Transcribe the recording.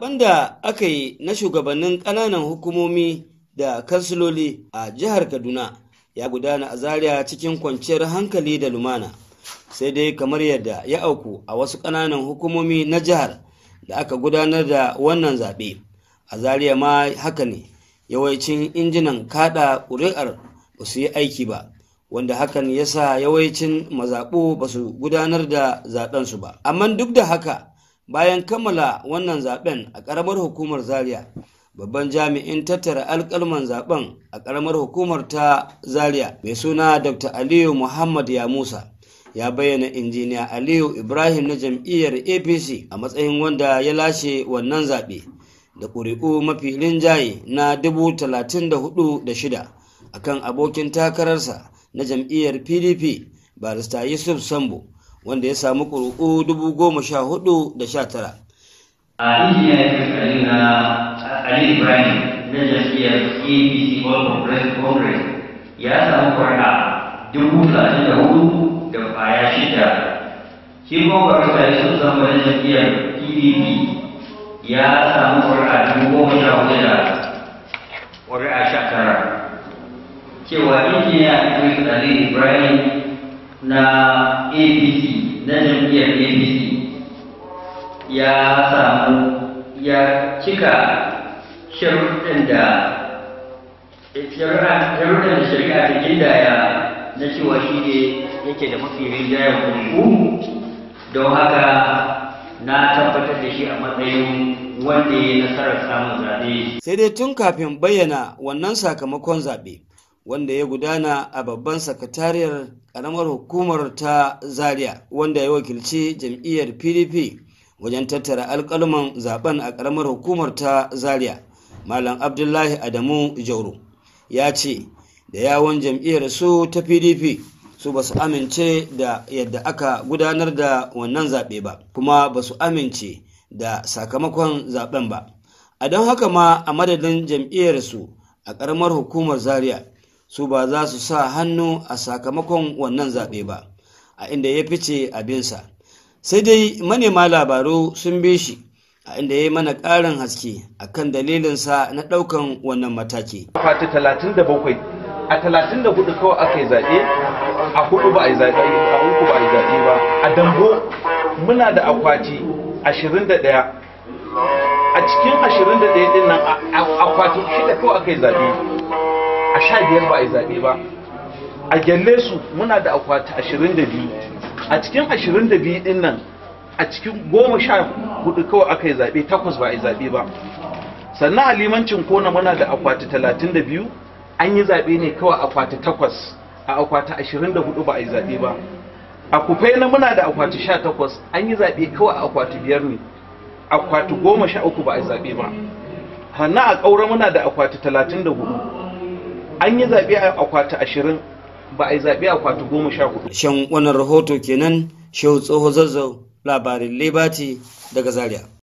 Banda da aka yi na shugabannin ƙananan hukumomi da kansiloli a jihar kaduna ya gudana a Zariya cikin kwanciyar hankali da lumana sai dai kamar yadda ya auku a wasu ƙananan hukumomi na jihar da aka gudanar da wannan zaɓe a Zariya ma haka ne yawancin injinan kaɗa ƙuri'ar ba su yi aiki ba wanda hakan ya sa yawancin mazaɓu ba su gudanar da zaɓensu ba amma duk da haka bayan kammala wannan zaben a ƙaramar hukumar zaria babban jami'in tattara alkalman zaben a ƙaramar hukumar ta zaria mai suna dr aliyu muhammad ya musa ya bayyana injiniya aliyu ibrahim na jam'iyyar apc a matsayin wanda ya lashe wannan zaɓe da ƙuri'u mafi linjaye na dubu talatin da hudu da shida kan abokin takararsa na jam'iyyar pdp barista yusuf sambo wanda ya samu ƙuri'u dubu goma sha hudu da sha tara. a injiniya na ali ibrahim na jam'iyyar abc world congress ya samu ƙuri'a dubu talatin da hudu da baya shida shi kuma barista ya sun zama na jam'iyyar pdp ya samu ƙuri'a dubu goma sha hudu da ƙuri'a sha tara cewa injiniya ali ibrahim na apc na jam'iyyar apc ya samu ya cika shirin da shari'a da shari'a ta gindaya na cewa shi ne yake da mafi rinjayen kurkuku don haka na tabbatar da shi a matsayin wanda ya nasarar samun zaɓe. sai dai tun kafin bayyana wannan sakamakon zaɓe wanda ya gudana a babban sakatariyar karamar hukumar ta zaria wanda ya wakilci jam'iyyar pdp wajen tattara alkalman zaben a karamar hukumar ta zaria malam abdullahi adamu jauro ya ce da yawon jam'iyyar su ta pdp su ba su amince da yadda aka gudanar da wannan zaɓe ba kuma ba su amince da sakamakon zaben ba a don haka ma a madadin jam'iyyar su a ƙaramar hukumar zaria su ba za su sa hannu a sakamakon wannan zaɓe ba a inda ya fice abinsa sai dai manema labaru sun bi shi a inda ya yi mana ƙarin haske a kan dalilinsa na ɗaukan wannan mataki. Fati 37 a 34 kawai aka yi zaɓe a hudu ba a yi zaɓe a uku ba a yi zaɓe ba a dambo muna da akwati 21 a cikin 21 ɗin nan akwatin shida kawai aka yi zaɓe a sha biyar ba a yi zaɓe ba a gyalle su muna da akwati ashirin da biyu a cikin ashirin da biyu ɗin nan a cikin goma sha hudu kawai aka yi zaɓe takwas ba a yi zaɓe ba sannan a limancin kona muna da akwati talatin da biyu an yi zaɓe ne kawai akwati takwas a akwati ashirin da hudu ba a yi zaɓe ba a kufai na muna da akwati sha takwas an yi zaɓe kawai a akwati biyar ne akwati goma sha uku ba a yi zaɓe ba hannu a ƙaura muna da akwati talatin da hudu an yi zaɓe a akwata ashirin ba a yi zaɓe a goma sha hudu. shan wannan rahoto kenan shehu tsoho zazzau labarin lebati daga zaria